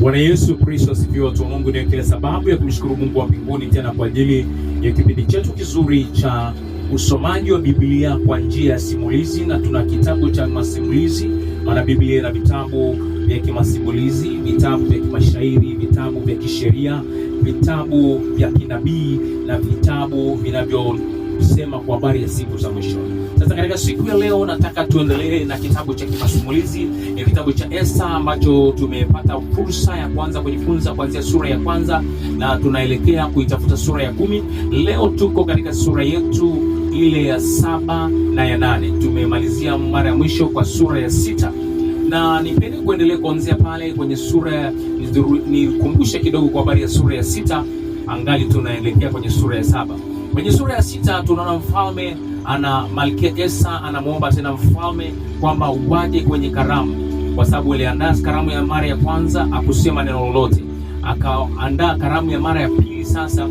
Bwana Yesu Kristo asifiwe. Watu wa Mungu, ndio kila sababu ya kumshukuru Mungu wa mbinguni tena kwa ajili ya kipindi chetu kizuri cha usomaji wa Biblia kwa njia ya simulizi, na tuna kitabu cha masimulizi, maana Biblia ina vitabu vya kimasimulizi, vitabu vya kimashairi, vitabu vya kisheria, vitabu vya kinabii na vitabu vinavyo kusema kwa habari ya siku za mwisho. Sasa katika siku ya leo, nataka tuendelee na kitabu cha kimasimulizi, eh, kitabu cha Esta ambacho tumepata fursa ya kwanza kujifunza kuanzia sura ya kwanza na tunaelekea kuitafuta sura ya kumi. Leo tuko katika sura yetu ile ya saba na ya nane. Tumemalizia mara ya mwisho kwa sura ya sita na nipende kuendelea kuanzia pale kwenye sura, nikumbushe kidogo kwa habari ya sura ya sita, angali tunaelekea kwenye sura ya saba. Kwenye sura ya sita tunaona mfalme ana Malkia Esta anamwomba tena mfalme kwamba waje kwenye karamu, kwa sababu aliandaa karamu ya mara ya kwanza akusema neno lolote, akaandaa karamu ya mara ya pili sasa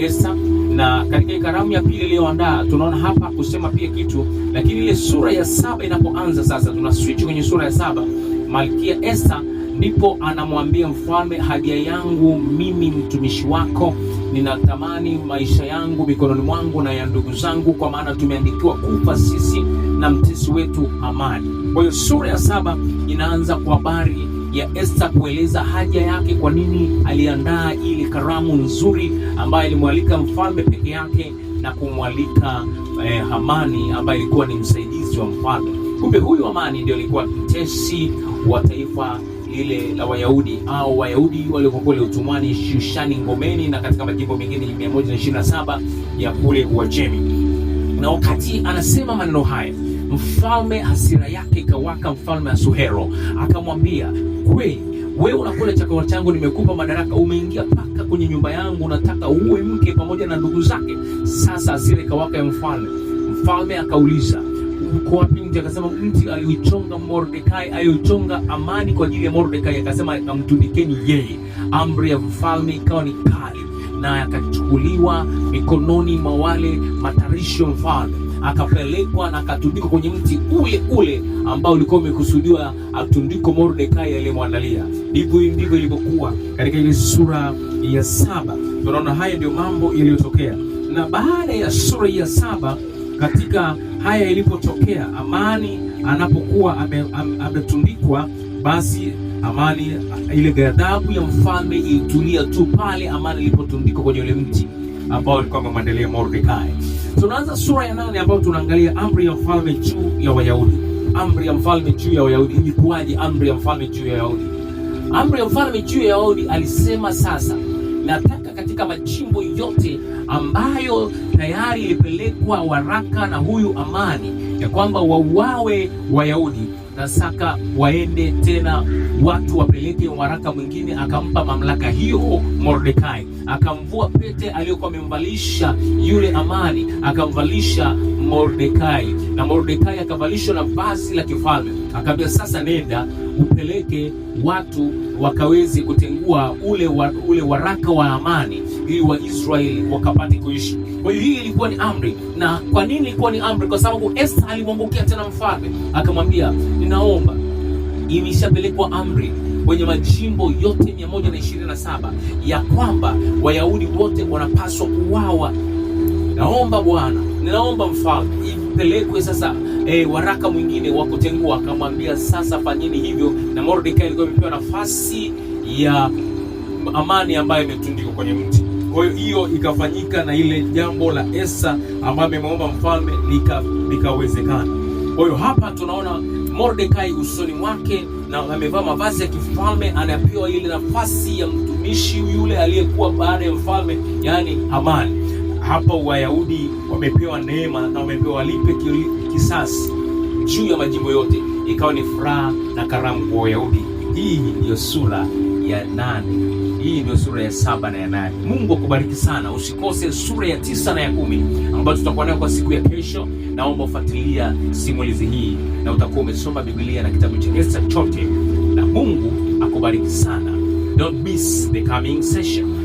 Esta, na katika karamu ya pili iliyoandaa tunaona hapa kusema pia kitu, lakini ile sura ya saba inapoanza sasa, tuna switch kwenye sura ya saba Malkia Esta ndipo anamwambia mfalme, haja yangu mimi mtumishi wako ninatamani maisha yangu mikononi mwangu na ya ndugu zangu, kwa maana tumeandikiwa kufa sisi na mtesi wetu amani. Kwa hiyo sura ya saba inaanza kwa habari ya Esther kueleza haja yake, kwa nini aliandaa ile karamu nzuri ambayo ilimwalika mfalme peke yake na kumwalika eh, Hamani ambaye ilikuwa ni msaidizi wa mfalme. Kumbe huyu Hamani ndio alikuwa mtesi wa taifa lile la Wayahudi au Wayahudi waliokuwa kule utumwani Shushani ngomeni na katika majimbo mengine 127 ya kule Uajemi. Na wakati anasema maneno haya, mfalme hasira yake ikawaka, mfalme asuhero akamwambia, kweli wewe unakula chakula changu, nimekupa madaraka, umeingia paka kwenye nyumba yangu, unataka uwe mke pamoja na ndugu zake. Sasa hasira ikawaka ya mfalme. Mfalme akauliza kwa binti akasema, mti aliuchonga Mordekai, aliuchonga amani kwa ajili ya Mordekai, akasema akamtunikeni yeye. Amri ya mfalme ikawa ni kali, na akachukuliwa mikononi mwa wale matarisho mfalme, akapelekwa na akatundikwa kwenye mti ule ule ambao ulikuwa umekusudiwa atundiko Mordekai aliyemwandalia. Hivyo ndivyo ilivyokuwa katika ile sura ya saba. Tunaona haya ndio mambo yaliyotokea, na baada ya sura ya saba katika haya ilipotokea, Amani anapokuwa ametundikwa ame, basi Amani ile ghadhabu ya mfalme ilitulia tu pale Amani ilipotundikwa kwenye ule mti ambao alikuwa amemwandalia Mordekai. Tunaanza sura ya nane ambayo tunaangalia amri ya mfalme juu ya Wayahudi. Amri ya mfalme juu ya Wayahudi, ilikuwaje amri ya mfalme juu ya Wayahudi? Amri ya mfalme juu ya Wayahudi alisema, sasa nataka katika machimbo yote ambayo tayari ilipelekwa waraka na huyu Amani ya kwamba wauawe Wayahudi nasaka waende tena watu wapeleke waraka mwingine. Akampa mamlaka hiyo Mordekai, akamvua pete aliyokuwa amemvalisha yule Amani, akamvalisha Mordekai na Mordekai akavalishwa na vazi la kifalme. Akaambia, sasa nenda upeleke watu wakaweze kutengua ule, wa, ule waraka wa amani ili Waisraeli wakapate kuishi. Kwa hiyo hii ilikuwa ni amri. Na kwa nini ilikuwa ni amri? Kwa sababu Esther alimwongokea tena mfalme akamwambia, ninaomba, imeshapelekwa amri kwenye majimbo yote 127 ya kwamba Wayahudi wote wanapaswa kuuawa. Naomba Bwana, ninaomba mfalme kupelekwe sasa e, waraka mwingine wa kutengua. Akamwambia sasa fanyeni hivyo, na Mordekai alikuwa amepewa nafasi ya amani ambayo imetundikwa kwenye mti. Kwa hiyo hiyo ikafanyika, na ile jambo la Esta ambayo amemwomba mfalme likawezekana. Kwa hiyo hapa tunaona Mordekai usoni mwake na amevaa mavazi ya kifalme, anapewa ile nafasi ya mtumishi yule aliyekuwa baada ya mfalme, yaani Hamani. Hapa Wayahudi wamepewa neema na wamepewa lipe kisasi juu ya majimbo yote. Ikawa ni furaha na karamu kwa Wayahudi. Hii ndiyo sura ya nane, hii ndiyo sura ya saba na ya nane. Mungu akubariki sana, usikose sura ya tisa na ya kumi ambayo tutakuwa nayo kwa siku ya kesho. Naomba ufuatilia simulizi hii na utakuwa umesoma Biblia na kitabu cha Esta chote, na Mungu akubariki sana. Don't miss the coming session.